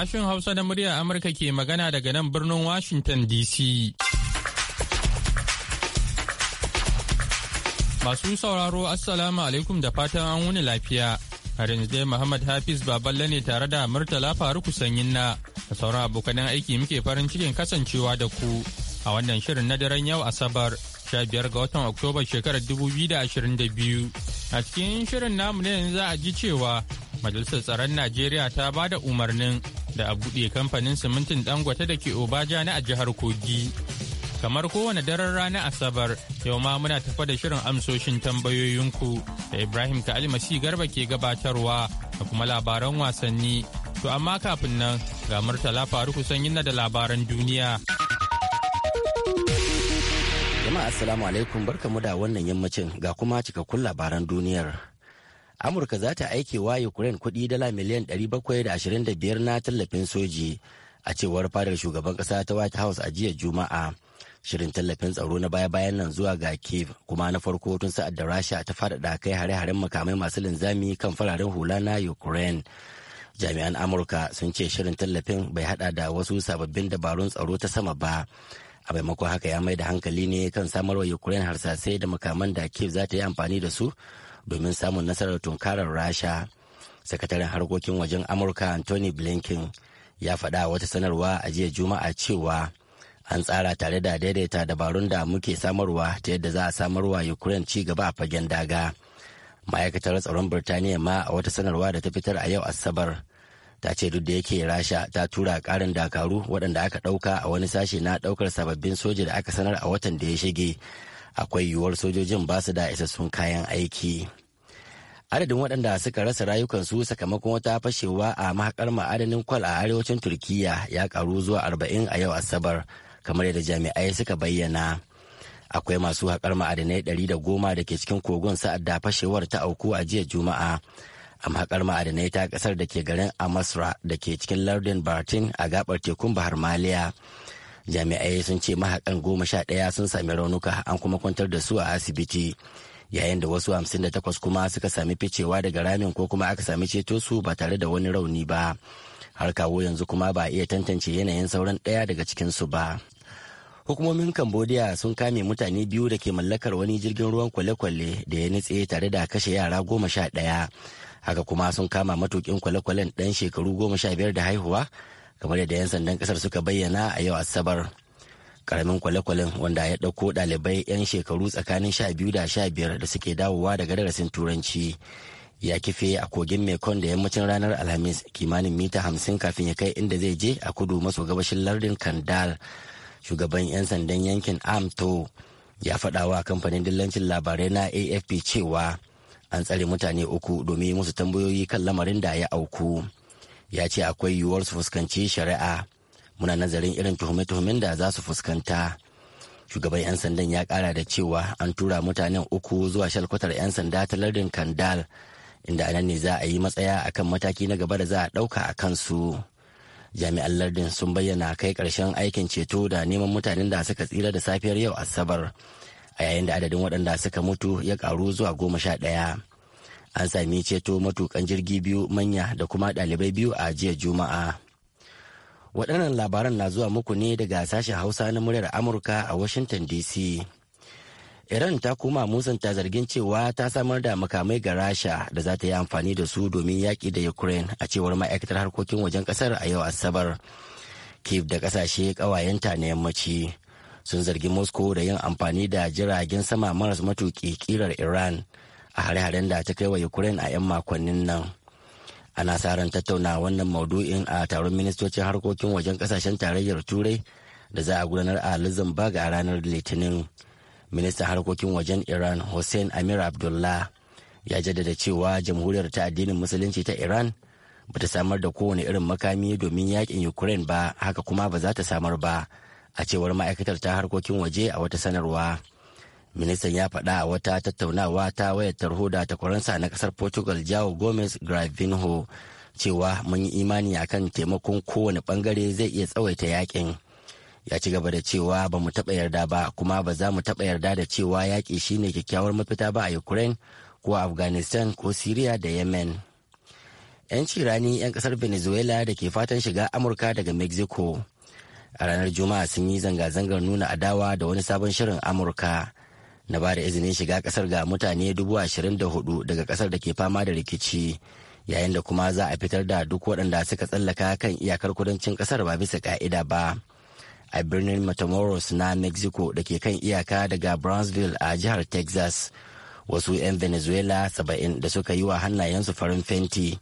Sashen Hausa na muryar Amurka ke magana daga nan birnin Washington DC. Masu sauraro Assalamu alaikum da fatan an wuni lafiya. Har yanzu dai Muhammad Hafiz Baballe ne tare da Murtala Faruku Sanyin na da sauran abokan aiki muke farin cikin kasancewa da ku a wannan shirin na daren yau Asabar sha biyar ga watan Oktoba shekarar 2022. A cikin shirin namu ne yanzu za a ji cewa majalisar tsaron najeriya ta ba da umarnin da a buɗe kamfanin simintin dangote da ke obaja na a jihar kogi kamar kowane daren rana asabar yau ma muna tafa da shirin amsoshin tambayoyinku da ibrahim ka almasi garba ke gabatarwa da kuma labaran wasanni to amma kafin nan ga murtala faruku sanyin da labaran duniya jama'a assalamu alaikum barkamu da wannan yammacin ga kuma cikakkun labaran duniyar amurka za ta aike wa ukraine kuɗi dala miliyan 725 na tallafin soji a cewar fadar shugaban ƙasa ta white house a jiya juma'a shirin tallafin tsaro na baya-bayan nan zuwa ga kiev kuma na farko tun sa'ad da rasha ta faɗaɗa kai hare-haren makamai masu linzami kan fararen hula na ukraine jami'an amurka sun ce shirin tallafin bai hada da wasu sababbin dabarun tsaro ta sama ba a maimakon haka ya mai da hankali ne kan samarwa ukraine harsasai da makaman da kiev za ta yi amfani da su domin samun nasarar tunkarar rasha sakataren harkokin wajen amurka anthony blinken ya faɗa wata sanarwa a jiya juma'a cewa an tsara tare da daidaita dabarun da muke samarwa ta yadda za a samarwa ukraine ci gaba a fagen daga ma'aikatar tsaron birtaniya ma a wata sanarwa da ta fitar a yau asabar ta ce duk da yake rasha ta tura karin dakaru waɗanda aka ɗauka a wani sashe na ɗaukar sababbin soja da aka sanar a watan da ya shige akwai yiwuwar sojojin ba su da isassun kayan aiki adadin waɗanda suka rasa rayukansu sakamakon wata fashewa a mahakar ma'adanin kwal a arewacin turkiya ya ƙaru zuwa arba'in a yau asabar kamar yadda jami'ai suka bayyana akwai masu haƙar ma'adanai ɗari da goma da ke cikin kogon sa'ad da fashewar ta auku a jiya juma'a a mahaƙar ma'adanai ta ƙasar da ke garin amasra da ke cikin lardin bartin a gaɓar tekun bahar maliya jami'ai sun ce mahakan goma sha ɗaya sun sami raunuka an kuma kwantar da su a asibiti yayin da wasu hamsin da takwas kuma suka sami ficewa daga ramin ko kuma aka sami ceto su ba tare da wani rauni ba har kawo yanzu kuma ba iya tantance yanayin sauran ɗaya daga cikin su ba hukumomin cambodia sun kame mutane biyu da ke mallakar wani jirgin ruwan kwale-kwale da ya nitse tare da kashe yara goma sha ɗaya haka kuma sun kama matukin kwale-kwalen ɗan shekaru goma sha biyar da haihuwa kamar yadda 'yan sandan kasar suka bayyana a yau asabar karamin kwale-kwalen wanda ya ɗauko ɗalibai 'yan shekaru tsakanin sha biyu da sha biyar da suke dawowa daga darasin turanci ya kife a kogin mekon da yammacin ranar alhamis kimanin mita hamsin kafin ya kai inda zai je a kudu maso gabashin lardin kandal shugaban 'yan sandan yankin amto ya faɗawa kamfanin dillancin labarai na afp cewa an tsare mutane uku domin musu tambayoyi kan lamarin da ya auku. ya ce akwai yiwuwar su fuskanci shari'a muna nazarin irin tuhume-tuhumen da za su fuskanta shugaban 'yan sandan ya kara da cewa an tura mutanen uku zuwa shalkwatar 'yan sanda ta lardin kandal inda anan ne za a yi matsaya akan mataki na gaba da za a ɗauka a kansu jami'an lardin sun bayyana kai ƙarshen aikin ceto da neman mutanen da suka tsira da safiyar yau asabar a yayin da adadin waɗanda suka mutu ya ƙaru zuwa goma sha ɗaya an sami ceto matukan jirgi biyu manya da kuma ɗalibai biyu a jiya juma'a waɗannan labaran na zuwa muku ne daga sashen hausa na muryar amurka a washington dc iran ta kuma musanta zargin cewa ta samar da makamai ga rasha da za ta yi amfani da su domin yaƙi da ukraine a cewar ma'aikatar harkokin wajen ƙasar a yau asabar kif da ƙasashe ƙawayenta na yammaci sun zargi moscow da yin amfani da jiragen sama maras matuƙi ƙirar iran a hare-haren da ta kai wa ukraine a 'yan makonnin nan ana sa ran tattauna wannan maudu'in a taron ministocin harkokin wajen kasashen tarayyar turai da za a gudanar a luxembourg a ranar litinin ministan harkokin wajen iran hussein amir abdullah ya jaddada cewa jamhuriyar ta addinin musulunci ta iran ba ta samar da kowane irin makami domin yakin ukraine ba haka kuma ba za ta samar ba a cewar ma'aikatar ta harkokin waje a wata sanarwa. ministan ya faɗa a wata tattaunawa ta wayar tarho da takwaransa na ƙasar portugal jao gomez gravinho cewa mun yi imani a kan taimakon kowane bangare zai iya tsawaita yakin ya ci gaba da cewa ba mu taɓa yarda ba kuma ba za mu taɓa yarda da cewa yaƙi shine kyakkyawar mafita ba a ukraine ko afghanistan ko syria da yemen 'yan cirani 'yan ƙasar venezuela da ke fatan shiga amurka daga mexico a ranar juma'a sun yi zanga-zangar nuna adawa da wani sabon shirin amurka na ba da izinin shiga kasar ga mutane dubu ashirin da hudu daga kasar da ke fama da rikici yayin da kuma za a fitar da duk waɗanda suka tsallaka kan iyakar kudancin kasar ba bisa ka'ida ba a birnin matamoros na mexico da ke kan iyaka daga brownsville a jihar texas wasu 'yan venezuela saba'in da suka yi wa hannayensu farin fenti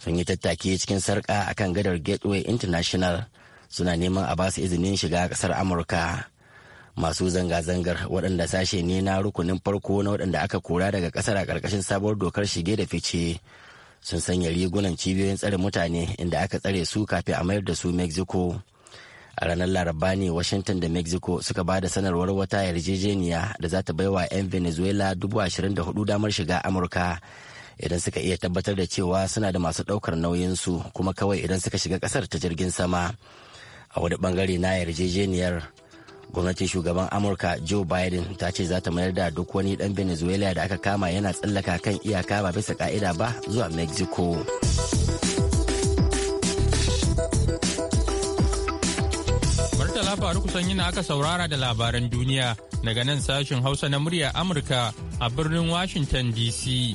sun yi tattaki cikin sarka akan gadar gateway international suna neman a basu izinin shiga kasar amurka masu zanga-zangar waɗanda sashe ne na rukunin farko na waɗanda aka kura daga ƙasar a ƙarƙashin sabuwar dokar shige da fice sun sanya rigunan cibiyoyin tsare mutane inda aka tsare su kafin a mayar da su mexico a ranar laraba ne washington da mexico suka ba da sanarwar wata yarjejeniya da za ta wa 'yan venezuela hudu damar shiga amurka idan suka iya tabbatar da cewa suna da masu ɗaukar nauyinsu kuma kawai idan suka shiga ƙasar ta jirgin sama a wani bangare na yarjejeniyar gwamnatin shugaban amurka joe biden ta ce za ta mayar da duk wani dan venezuela da aka kama yana tsallaka kan iyaka ba bisa ka'ida ba zuwa mexico faru kusan sanyi na aka saurara da labaran duniya daga nan sashen Hausa na murya Amurka a birnin Washington DC.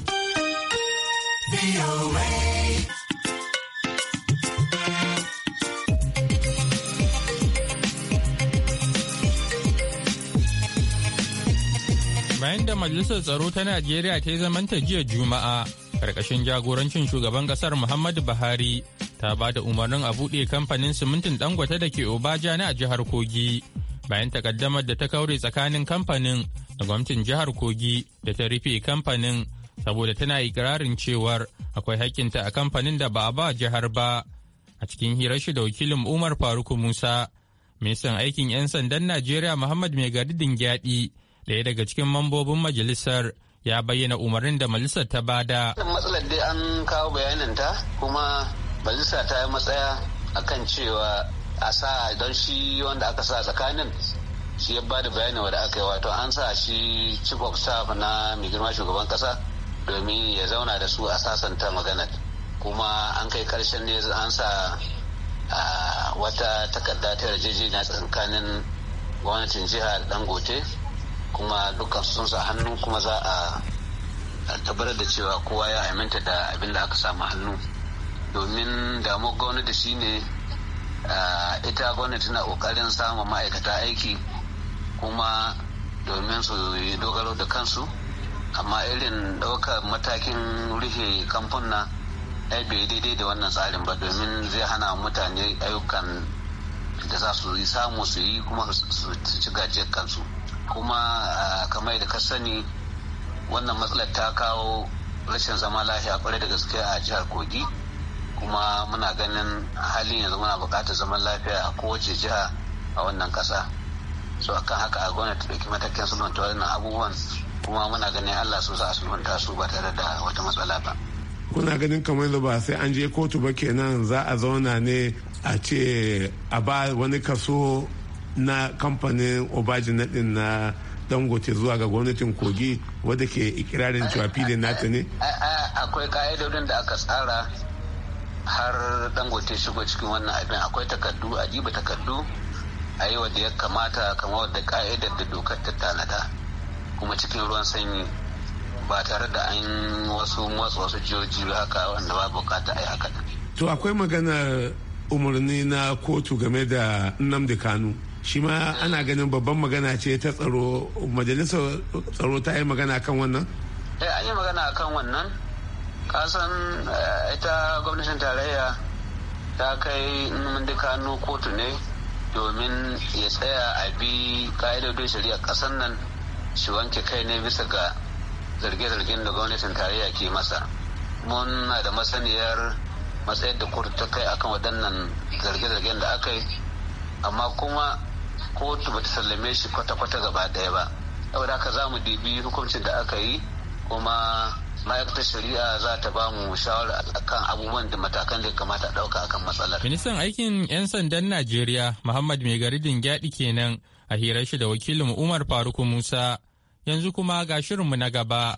da Majalisar Tsaro ta Najeriya ta yi zamanta jiya Juma'a, ƙarƙashin jagorancin shugaban ƙasar Muhammadu Buhari, ta ba da umarnin a buɗe kamfanin simintin Dangote da ke Obaja na a jihar Kogi. Bayan takaddamar da ta kaure tsakanin kamfanin da gwamnatin jihar Kogi da ta rufe kamfanin saboda tana ikirarin cewar akwai haƙƙinta a kamfanin da ba a ba jihar ba. A cikin hirar shi da wakilin Umar Faruku Musa, ministan aikin 'yan sandan Najeriya Muhammad Mai Gadi Dingyadi ɗaya daga cikin mambobin majalisar ya bayyana umarnin da majalisar ta bada. matsalar dai an kawo bayaninta kuma majalisa ta yi matsaya akan cewa a sa don shi wanda aka sa tsakanin shi ya bada bayanin wanda aka yi wato an sa shi chief of staff na mai girma shugaban kasa domin ya zauna da su a sasanta magana kuma an kai karshen ne an sa wata takarda ta yarjejeniya tsakanin gwamnatin jihar dangote kuma dukkan sun sa hannu kuma za a tabbatar da cewa kowa ya aminta da abin da aka samu hannu domin damu gwamnati ne ita gwamnati na kokarin samun ma'aikata aiki kuma domin su yi dogaro da kansu amma irin ɗaukar matakin rufe kamfuna ai bai daidai da wannan tsarin ba domin zai hana mutane ayyukan da za su yi samu su yi kuma su ci gajiyar kansu kuma ah, kamar da ka sani wannan matsalar ta kawo rashin zama lafiya kwarai da gaske a jihar kogi kuma muna ganin halin yanzu muna bukatar zaman lafiya a kowace jiha a wannan kasa so akan haka a gwamnati ɗauki matakin sulhunta wannan abubuwan kuma muna ganin allah su za a su ba tare da wata matsala ba kuna ganin kamar da ba sai an je kotu ba kenan za a zauna ne a ce a ba wani kaso na kamfanin na din na dangote zuwa ga gwamnatin kogi wadda ke ikirarin cewa filin nata ne? akwai ka'idodin da aka tsara har dangote shigo cikin wannan abin akwai takardu a jiba takardu a yi wadda ya kamata kamar wadda ka'idar da dokar ta kuma cikin ruwan sanyi ba tare da an wasu wasu wasu jiyoji haka wanda ba bukata a yi haka to akwai maganar umarni na kotu game da nnamdi kanu shi ma ana ganin babban magana ce ta tsaro majalisar tsaro ta yi magana kan wannan? eh an yi magana kan wannan kasan eh, ita gwamnatin tarayya ta kai duka kotu ne domin ya tsaya a bi ka'idodin shari'a kasan nan shi wanke kai ne bisa ga zarge-zargen da gwamnatin tarayya ke masa muna da masaniyar matsayar da kotu ta kai akan waɗannan zarge-zargen da aka yi amma kuma kotu bata sallame shi kwata-kwata gaba ɗaya ba saboda haka za mu dibi hukuncin da aka yi kuma ma'aikatar shari'a za ta ba mu shawar akan abubuwan da matakan da kamata ɗauka akan matsalar. ministan aikin 'yan sandan najeriya muhammad mai din gyaɗi kenan a hirar shi da wakilin umar faruk musa yanzu kuma ga shirinmu na gaba.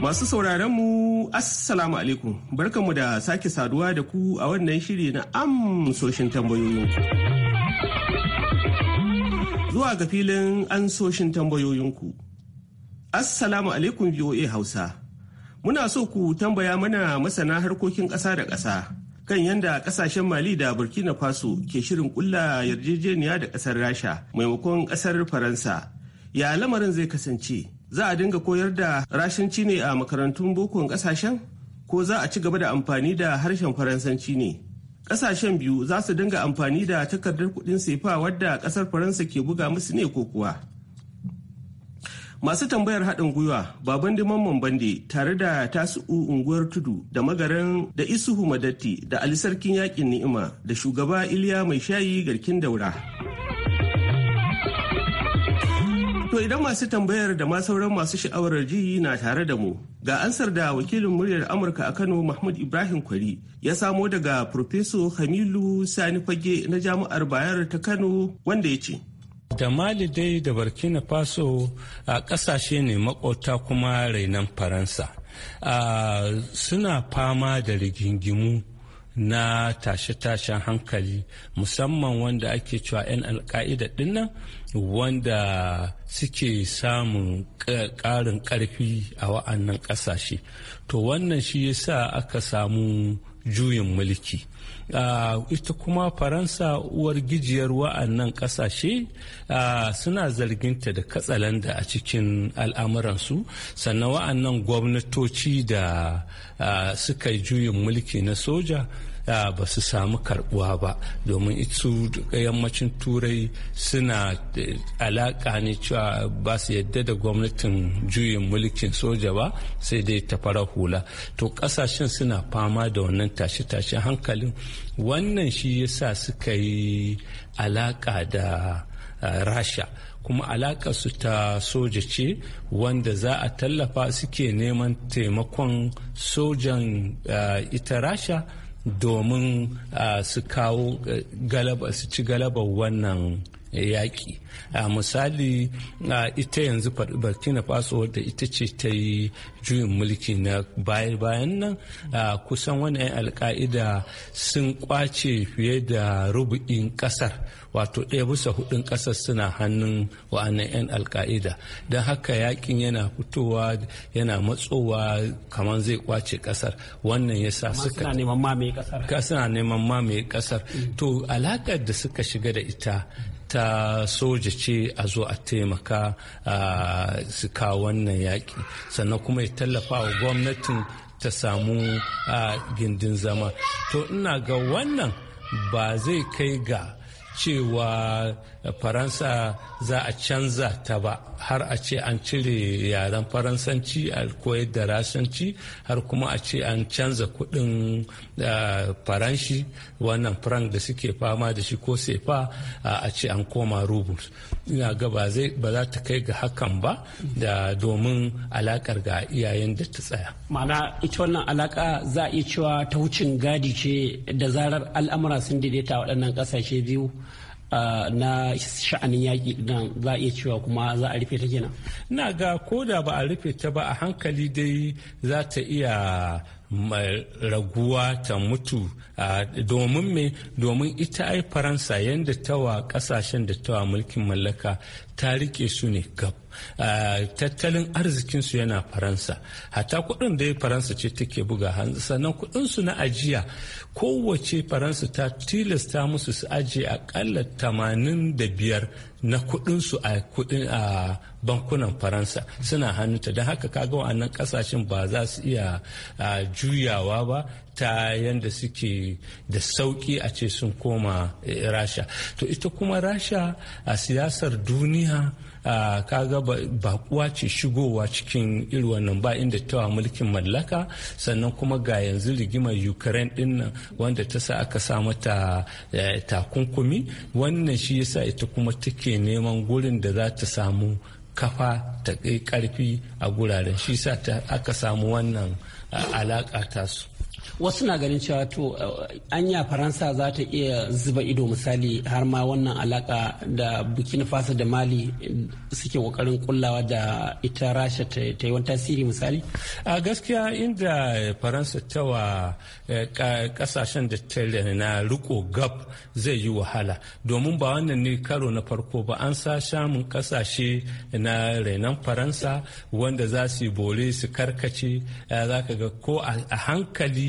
Masu sauraron mu Assalamu alaikum barkanmu da sake saduwa da ku a wannan shiri na amsoshin tambayoyinku. Zuwa ga filin ansoshin tambayoyinku. Assalamu alaikum VOA Hausa. Muna so ku tambaya mana masana harkokin ƙasa da ƙasa kan yadda ƙasashen Mali da Burkina Faso ke shirin kulla yarjejeniya da ƙasar Rasha maimakon ƙasar Faransa. Ya lamarin zai kasance. za a dinga koyar da rashinci ne a makarantun bokon kasashen ko za a ci gaba da amfani da harshen faransanci ne kasashen biyu za su dinga amfani da takardar kudin sefa wadda kasar faransa ke buga musu ne ko kuwa masu tambayar haɗin gwiwa baban mamman bande tare da tasu unguwar tudu da magaran da isuhu madatti da alisarkin yakin ni'ima da shugaba iliya mai shayi garkin daura To idan masu tambayar da ma sauran masu sha'awar ji na tare da mu ga ansar da wakilin muryar Amurka a Kano Mahmud Ibrahim Kwari ya samo daga Profeso Hamilu Sani Fage na Jami'ar Bayar ta Kano wanda ya ce. Da Mali dai da Burkina Faso a ƙasashe ne makota kuma rainan Faransa. Suna fama da rigingimu na tashe-tashen hankali musamman wanda ake cewa 'yan alka'ida dinnan wanda suke samun ƙarin ƙarfi a wa'annan ƙasashe to wannan shi ya sa aka samu juyin mulki uh, ita kuma faransa uwar gijiyar wa'annan kasashe uh, suna zarginta da katsalanda a cikin al'amuransu sannan wa'annan gwamnatoci da uh, suka yi juyin mulki na soja ba su samu karbuwa ba domin su yammacin turai suna eh, alaka ne cewa ba su yadda da gwamnatin juyin mulkin soja ba sai dai ta fara hula to kasashen suna fama da wannan tashe-tashe hankalin wannan shi yasa suka yi alaka da rasha kuma alaƙa su ta soja ce wanda za a tallafa suke neman taimakon sojan ita rasha domin ah, su kawo eh, galaba su ci galaba wannan yaƙi a misali a ita yanzu burkina faso wadda ita ce ta yi juyin mulki na bayan nan kusan wani 'yan alka'ida sun kwace fiye da rubu'in ƙasar wato ɗaya bisa hudun ƙasar suna hannun wa'annan 'yan alka'ida don haka yaƙin yana fitowa yana matsowa kamar zai kwace ƙasar wannan ya sa suka neman mamaye ƙasar mm. to alakar da suka shiga da ita ta soja ce a zo a taimaka su kawo wannan yaƙi sannan kuma ya tallafa wa gwamnatin ta samu gindin zama to ina ga wannan ba zai kai ga cewa faransa za a canza ta ba har a ce an cire yaren faransanci a koyar da rasanci har kuma a ce an canza kudin eh, faranshi wannan frank da suke fama da shi ko sefa a ce an koma rubus ina ga ba za ta kai ga hakan ba da domin alakar ga iyayen da ta tsaya ma'ana ita wannan alaka za a iya cewa ta wucin gadi ce da zarar al'amura sun daidaita waɗannan ƙasashe biyu na sha'anin yaƙi nan za a iya cewa kuma za a rufe ta kenan. na ga ko da ba a rufe ta ba a hankali dai za ta iya raguwa ta mutu domin me domin ita ai faransa yadda tawa kasashen da tawa mulkin mallaka ta rike su ne gab tattalin arzikinsu yana faransa hata kudin da faransa ce take buga hannu sannan kudinsu na ajiya kowace faransa ta tilasta musu su ajiye akalla 85 na kudinsu a kudin a bankunan faransa suna hannunta don haka kaga wa'annan kasashen ba za su iya juyawa ba ta yadda suke da sauki a ce sun koma eh, rasha to ita kuma rasha a siyasar duniya Uh, kaga bakuwa ce shigowa cikin iri wannan ba inda tawa mulkin mallaka sannan kuma ga yanzu rigimar ukraine din wanda ta sa aka sa mata eh, takunkumi wannan shi yasa ita kuma take neman gurin da za ta samu kafa ta kai karfi a guraren shi sa aka samu wannan alaka tasu wasu na ganin cewa to eh, anya faransa za ta iya zuba ido misali har ma wannan alaka da burkina faso da mali eh, suke kokarin kullawa da ita rasha ta yi wani tasiri misali a gaskiya inda faransa tawa eh, kasashen da ta na riko gab zai yi wahala domin ba wannan ne karo na farko ba an sa samun kasashe na renan faransa wanda za su yi bore su karkace za ka ga ko a hankali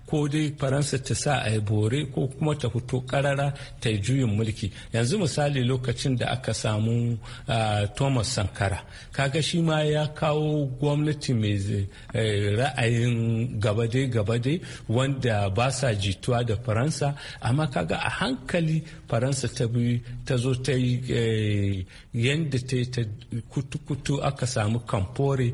ko dai faransa ta sa a bore ko kuma ta fito karara ta yi juyin mulki yanzu misali lokacin da aka samu thomas sankara kaga shi ma ya kawo gwamnati mai eh, ra'ayin gabade-gabade wanda ba sa jituwa da faransa amma kaga a hankali faransa ta bi ta zo ta yi eh, yadda ta yi ta kutu-kutu aka samu kamfore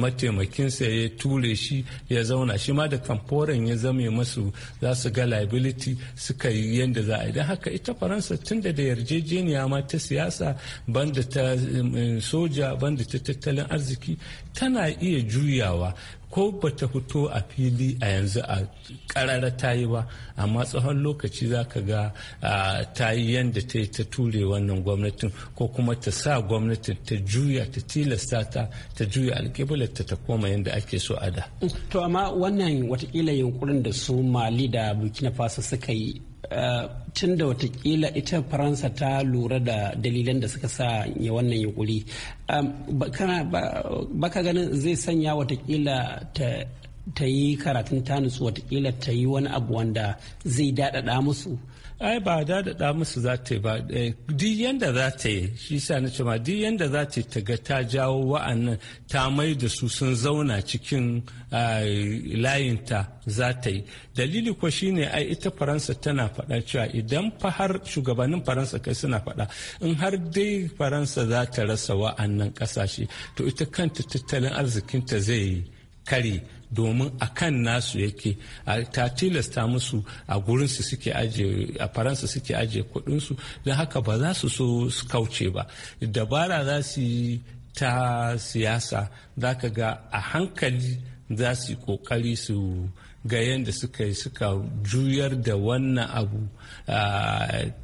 mataimakinsa ya ture shi ya zauna shi ma da kamforen ya zame masu za su ga liability suka yi yadda za a yi don haka ita faransa tun da da yarjejeniya ma ta siyasa banda ta um, um, soja banda ta tattalin arziki tana iya juyawa ko ba ta fito a fili a yanzu a karara ta yi ba amma tsawon lokaci za ka ga ta yi yadda ta yi ta ture wannan gwamnatin ko kuma ta sa gwamnatin ta juya ta tilasta ta ta juya alƙiblarta ta koma yadda ake so a da. to amma wannan watakila yunkurin da su mali da burkina faso suka yi Eh, tun da watakila ita faransa ta lura da dalilan da suka sa ya wannan yunkuri eh, baka ganin zai sanya watakila ta yi karatun tanis watakila ta yi wani abu wanda zai daɗaɗa musu ai ba da daɗa musu za ta yi ba eh, duk yanda za ta yi shi sa na ce ma duk yanda za ta yi ta ga ta jawo wa'annan ta mai da su sun zauna cikin eh, layinta za ta yi dalili ko shine ai ita faransa tana faɗa cewa idan fa shugabannin faransa kai suna faɗa in har dai faransa za ta rasa wa'annan ƙasashe to ita kanta tattalin arzikinta zai kare domin a kan nasu yake ta tilasta musu a gurinsu suke aje a faransa suke aje kudinsu don haka ba za su so su kauce ba dabara za su yi ta siyasa za ka ga a hankali za su yi kokari su ga yadda suka yi suka juyar da wannan abu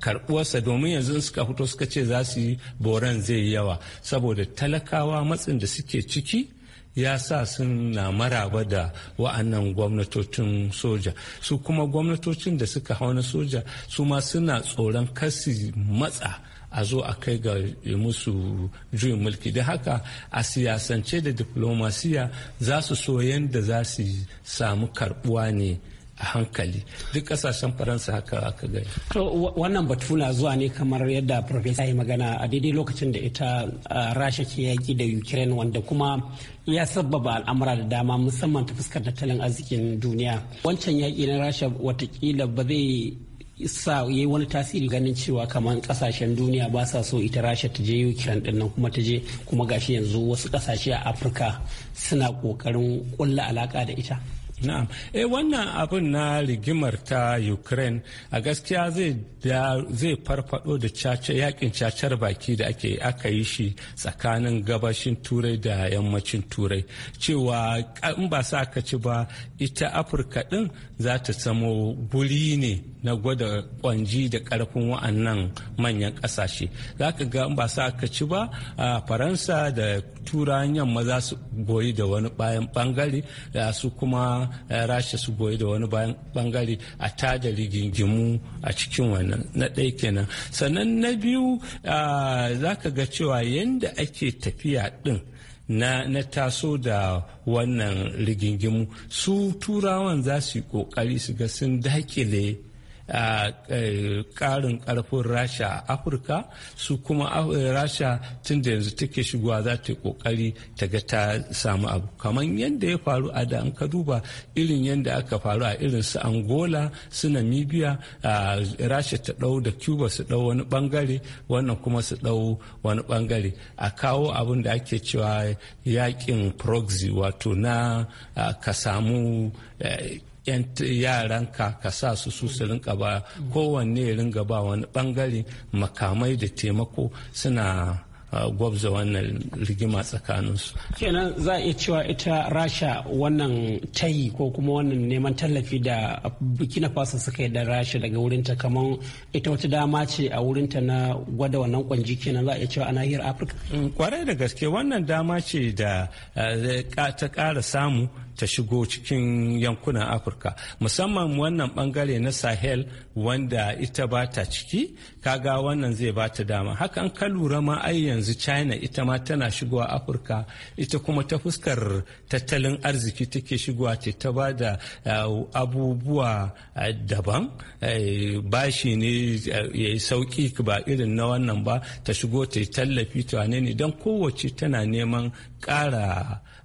karbuwarsa domin yanzu suka fito suka ce za su yi boran zai yawa saboda talakawa matsin da suke ciki ya sa sun na maraba da wa'annan gwamnatocin soja su kuma gwamnatocin da suka hau na soja su ma suna tsoron kasi matsa a zo a kai ga musu juyin mulki da haka a siyasance da diplomasiya za su so yadda za su samu karbuwa ne a hankali duk kasashen faransa haka aka gani to wannan batu na zuwa ne kamar yadda profesa ya magana a daidai lokacin da ita rasha ke yaki da ukraine wanda kuma ya sabbaba al'amura da dama musamman ta fuskar tattalin arzikin duniya wancan yaki na rasha watakila ba zai sa yi wani tasiri ganin cewa kamar kasashen duniya ba sa so ita rasha ta je ukraine din kuma ta je kuma gashi yanzu wasu kasashe a afirka suna kokarin kulla alaka da ita na'am eh wannan abin na rigimar ta ukraine a gaskiya zai farfado da yakin cacar baki da ake aka yi shi tsakanin gabashin turai da yammacin turai cewa in ba sa ka ci ba ita afirka ɗin za ta samo guri ne na gwada kwanji da karfin wa'annan manyan kasashe za ka ga ba sa ka ci ba a faransa da turan yamma za su goyi da wani bayan bangare su kuma eh, rasha su goyi da wani bayan bangare a tada rigingimu a cikin wannan na ɗaya kenan sannan na biyu za ka ga cewa yadda ake tafiya ɗin na, na taso da wannan rigingimu su turawan za su yi kokari su ga sun dakile karin karfin rasha a afirka su kuma rasha tun da yanzu take shigowa za ta yi kokari ta ga ta samu abu kamar yadda ya faru a da an ka duba irin yadda aka faru a irin su angola su namibia rasha ta dau da cuba su dau wani bangare wannan kuma su dau wani bangare a kawo abin da ake cewa yakin proxy wato na ka samu eh, yan yaran ka sa su su su rinka ba kowanne ringa ba wani bangare makamai da taimako suna gwabza wannan rigima tsakaninsu. kenan za a iya cewa ita rasha wannan tayi ko kuma wannan neman tallafi da na faso suka yi da rasha daga wurinta kamar ita wata dama ce a wurinta na gwada wannan kwanji kenan za a iya cewa a nahiyar afirka. Mm, kwarai da gaske wannan dama ce da ta kara samu ta shigo cikin yankunan afirka musamman wannan bangare na sahel wanda ita ba ta ciki kaga wannan zai ba ta dama hakan ka lura ma ai yanzu china ita ma tana shigowa afirka ita kuma ta fuskar tattalin arziki take shigowa ce ta ba da eh, abubuwa eh, daban eh, bashi ne ya yi sauki ba irin na wannan ba ta shigo ta yi tallafi ta ne don kowace tana neman ƙara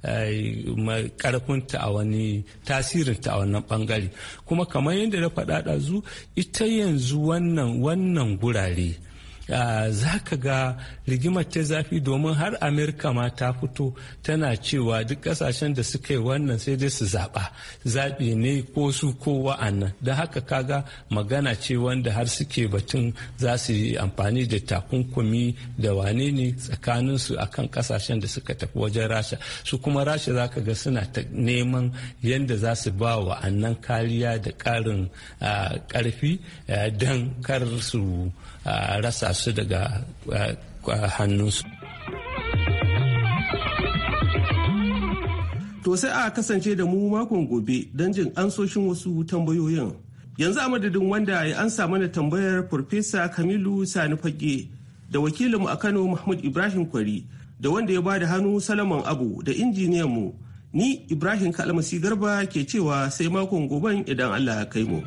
karfinta eh, a wani tasirinta a wannan bangare kuma kamar yadda na faɗa ɗazu ita yanzu wannan wannan gurare Ah, za ka ga rigimar ta zafi domin har amerika ma ta fito tana cewa duk kasashen da suka yi wannan sai dai su zaɓa zaɓi ne ko su ko wa'annan da haka kaga magana ce wanda har suke batun za su yi amfani da takunkumi da wane ne tsakaninsu akan kasashen da suka tafi wajen rasha su kuma rasha za ka ga suna ta neman yadda za su ba wa'annan kariya da ƙarin ah, ƙarfi ah, don kar su a rasa su daga hannunsu. To sai a kasance da mu makon gobe don jin ansoshin wasu tambayoyin. Yanzu a madadin wanda ya ansa mana tambayar Farfesa Kamilu Sani Fage da wakilinmu a Kano Mahmud Ibrahim Kwari da wanda ya ba da hannu Salaman Abu da mu ni Ibrahim Kalmasi Garba ke cewa sai makon goben idan Allah ya kai mu.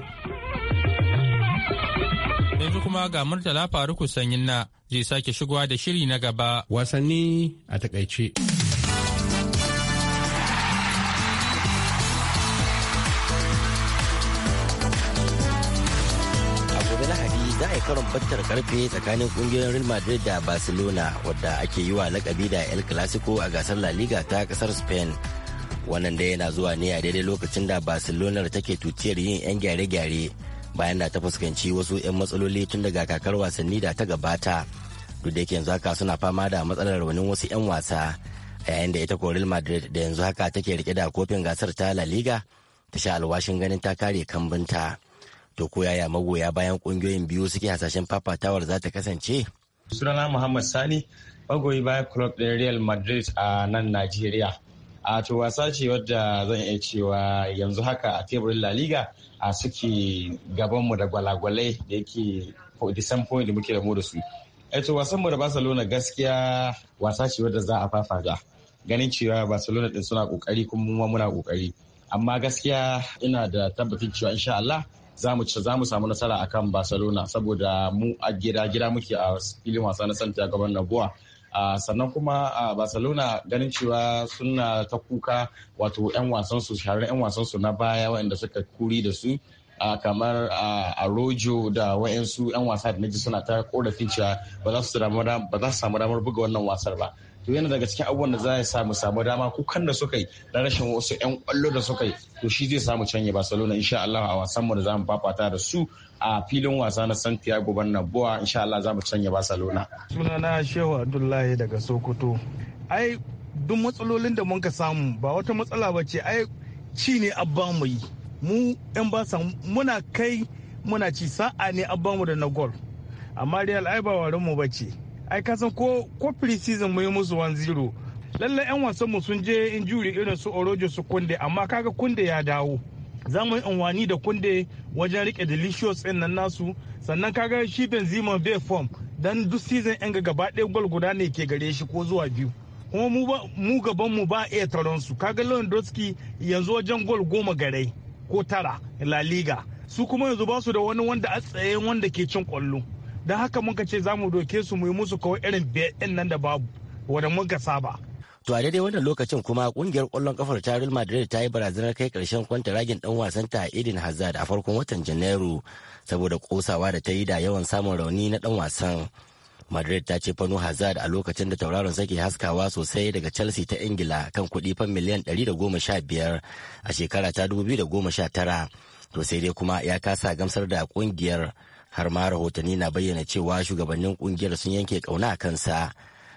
kuma ga Murtala Faruku Sanyin na zai sake shigowa da shiri na gaba. Wasanni a takaice. karon battar karfe tsakanin kungiyoyin Real Madrid da Barcelona wadda ake yi wa lakabi da El Clasico a gasar La Liga ta kasar Spain. Wannan da yana zuwa ne a daidai lokacin da Barcelona take tutiyar yin 'yan gyare-gyare bayan da ta fuskanci wasu 'yan matsaloli tun daga kakar wasanni da ta gabata duk da yake yanzu haka suna fama da matsalar raunin wasu 'yan wasa a yayin da ita ko real madrid da yanzu haka take rike da kofin gasar ta la liga ta sha alwashin ganin ta kare kambinta to ko yaya magoya bayan kungiyoyin biyu suke hasashen fafatawar za ta kasance sunana muhammad sani magoyi bayan club ɗin real madrid a nan najeriya a to wasa ce wadda zan iya cewa yanzu haka a teburin la liga a suke gabanmu da gwalagwalai da yake disan point da muke da da su eh to wasan mu da barcelona gaskiya wasa ce wadda za a fafaga ganin cewa barcelona din suna kokari kuma mu muna kokari amma gaskiya ina da tabbatin cewa insha Allah za mu za mu samu nasara akan Barcelona saboda mu a gida gida muke a filin wasa na Santiago Bernabeu sannan kuma a barcelona ganin cewa suna ta kuka wato 'yan wasansu shahararren 'yan wasansu na baya wanda suka kuri da su Uh, kamar a rojo da wayansu 'yan wasa da naji suna ta korafin cewa ba za su samu damar buga wannan wasar ba to yana daga cikin abubuwan da za a samu samu dama kukan da suka yi na rashin wasu 'yan kwallo da suka yi to shi zai samu canye barcelona insha Allah a wasan mu da zamu fafata da su a filin wasa na santiago bernabeu insha Allah zamu canye barcelona sunana shehu abdullahi daga sokoto ai duk matsalolin da muka samu ba wata matsala ba ce ai ci ne abba mu yi mu 'yan basa muna kai muna ci sa'a ne abba mu da na gol amma real ai ba warin mu ba ce ai ka san ko ko preseason season mai musu 1-0 lallai yan wasan mu sun je injuri irin su Orojo su Kunde amma kaga Kunde ya dawo za mu yi unwani da Kunde wajen rike delicious din nan nasu sannan kaga shi Benzema bai form dan duk season yan gaba ɗaya gol guda ne ke gare shi ko zuwa biyu kuma mu gaban mu ba iya taron su kaga Lewandowski yanzu wajen gol goma gare ko tara La Liga su kuma yanzu ba su da wani wanda a tsaye wanda ke cin kwallo don haka muka ce za mu doke su mu yi musu kawai irin biyan nan da babu wadda muka saba to a daidai wannan lokacin kuma kungiyar kwallon kafar ta Real Madrid ta yi barazanar kai karshen ragin dan wasan ta Eden Hazard a farkon watan Janairu saboda kosawa da ta yi da yawan samun rauni na dan wasan Madrid ta ce fano Hazard a lokacin da tauraron sake haskawa sosai daga Chelsea ta Ingila kan kuɗi fan miliyan 115 a shekara ta 2019 to sai dai kuma ya kasa gamsar da kungiyar har ma rahotanni na bayyana cewa shugabannin kungiyar sun yanke kauna a kansa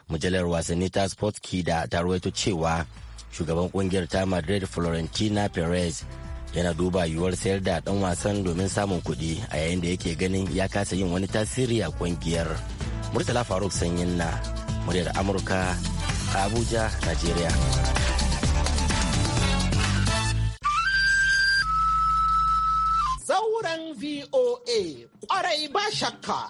mujallar wasanni ta sports kida ta ruwaito cewa shugaban kungiyar ta madrid florentina perez yana duba yiwuwar sayar da dan wasan domin samun kuɗi a yayin da yake ganin ya kasa yin wani tasiri a kungiyar murtala faruk sanyin na muryar amurka abuja nigeria zauren VOA. ƙwarai ba shakka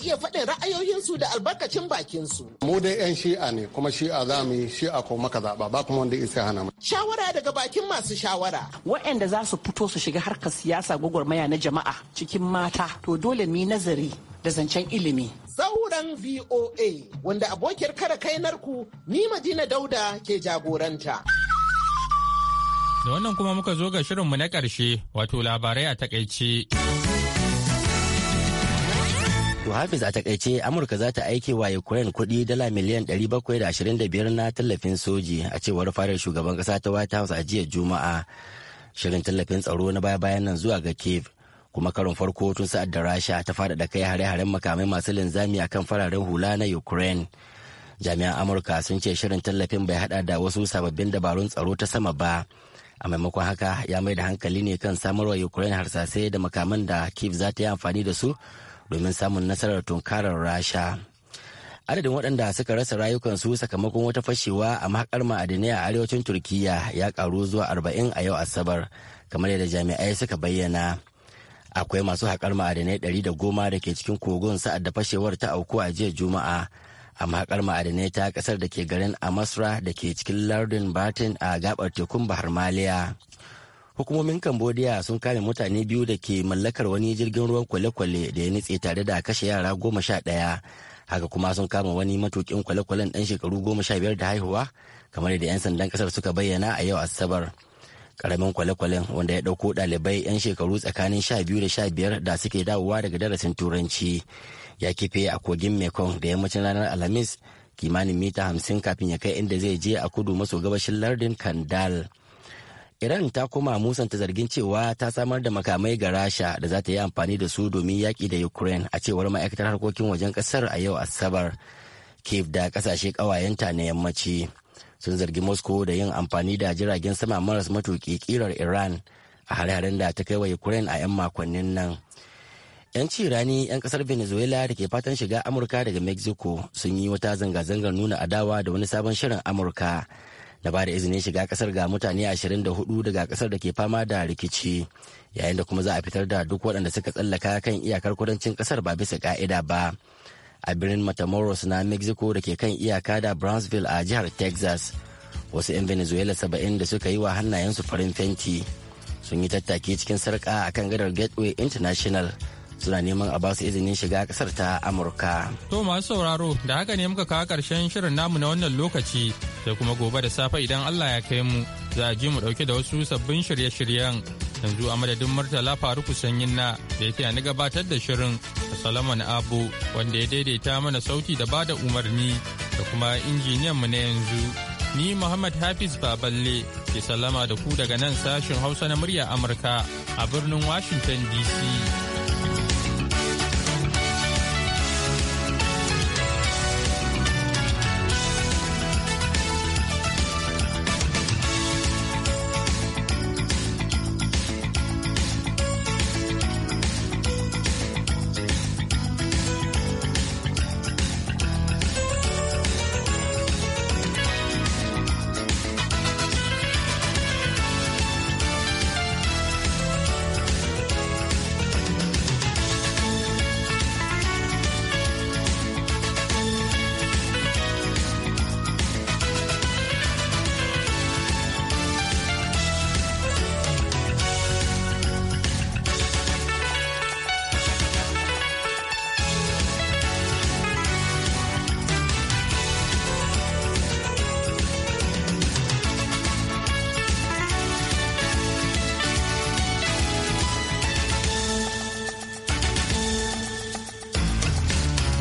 iya faɗin ra'ayoyinsu da albarkacin bakinsu. Mu dai 'yan shi'a ne kuma shi'a za mu yi shi'a ko maka zaɓa ba kuma wanda isa hana mu. Shawara daga bakin masu shawara. Waɗanda za su fito su shiga harkar siyasa gwagwarmaya na jama'a cikin mata to dole mu yi nazari da zancen ilimi. Sauran VOA wanda abokiyar kai narku ni Madina Dauda ke jagoranta. Da wannan kuma muka zo ga shirinmu na ƙarshe wato labarai a takaice. To Hafiz a takaice Amurka za ta aike wa Ukraine kuɗi dala miliyan 725 na tallafin soji a cewar farar shugaban ƙasa ta White House a jiya Juma'a. Shirin tallafin tsaro na baya-bayan nan zuwa ga Kiev kuma karon farko tun sa'ad da Rasha ta da kai hare-haren makamai masu linzami a kan fararen hula na Ukraine. Jami'an Amurka sun ce shirin tallafin bai haɗa da wasu sababbin dabarun tsaro ta sama ba. a maimakon haka ya mai da hankali ne kan samarwa ukraine harsasai da makaman da kiev za ta yi amfani da su domin samun nasarar tunkarar rasha adadin waɗanda suka rasa rayukansu sakamakon wata fashewa a mahakar ma'adinai a arewacin Turkiyya ya karu zuwa arba'in a yau asabar kamar yadda jami'ai suka bayyana akwai masu haƙar ma'adinai ɗari da goma da ke cikin kogon sa'ad da fashewar ta auku a jiya juma'a a mahakar ma'adinai ta ƙasar da ke garin amasra da ke cikin lardin batin a gabar tekun bahar maliya hukumomin cambodia sun kame mutane biyu da ke mallakar wani jirgin ruwan kwale-kwale da ya nitse tare da kashe yara goma sha ɗaya haka kuma sun kama wani matukin kwale-kwalen ɗan shekaru goma sha biyar da haihuwa kamar da 'yan sandan ƙasar suka bayyana a yau asabar karamin kwale-kwalen wanda ya ɗauko ɗalibai 'yan shekaru tsakanin sha biyu da sha biyar da suke dawowa daga darasin turanci ya kife a kogin mekong da yammacin ranar alhamis kimanin mita hamsin kafin ya kai inda zai je a kudu maso gabashin lardin kandal Iran ta kuma musanta zargin cewa ta samar da makamai ga Rasha da za ta yi amfani da su domin yaƙi da Ukraine a cewar ma'aikatar harkokin wajen ƙasar a yau Asabar. Kiev da ƙasashe ƙawayenta na yammaci sun zargi Moscow da yin amfani da jiragen sama maras matuƙi ƙirar Iran a hare-haren da ta kai wa Ukraine a 'yan makonnin nan. 'Yan cirani 'yan ƙasar Venezuela da ke fatan shiga Amurka daga Mexico sun yi wata zanga-zangar nuna adawa da wani sabon shirin Amurka. da ba da izinin shiga kasar ga mutane 24 daga kasar da ke fama da rikici yayin da kuma za a fitar da duk waɗanda suka tsallaka kan iyakar kudancin kasar ba bisa ka'ida ba a birnin matamoros na mexico da ke kan iyaka da brownsville a jihar texas wasu 'yan venezuela saba'in da suka yi wa hannayensu farin fenti sun yi tattaki cikin sarka akan gadar gateway international suna neman a basu izinin shiga kasar ta amurka to masu sauraro da haka ne muka kawo karshen shirin namu na wannan lokaci da kuma gobe da safe idan allah ya kai mu za a ji mu dauke da wasu sabbin shirye-shiryen yanzu a madadin murtala faruku sanyin na da yake ni gabatar da shirin salaman abu wanda ya daidaita mana sauti da bada umarni da kuma injiniyan mu na yanzu ni Muhammad Hafiz Baballe ke salama da ku daga nan sashin Hausa na murya Amurka a birnin Washington DC.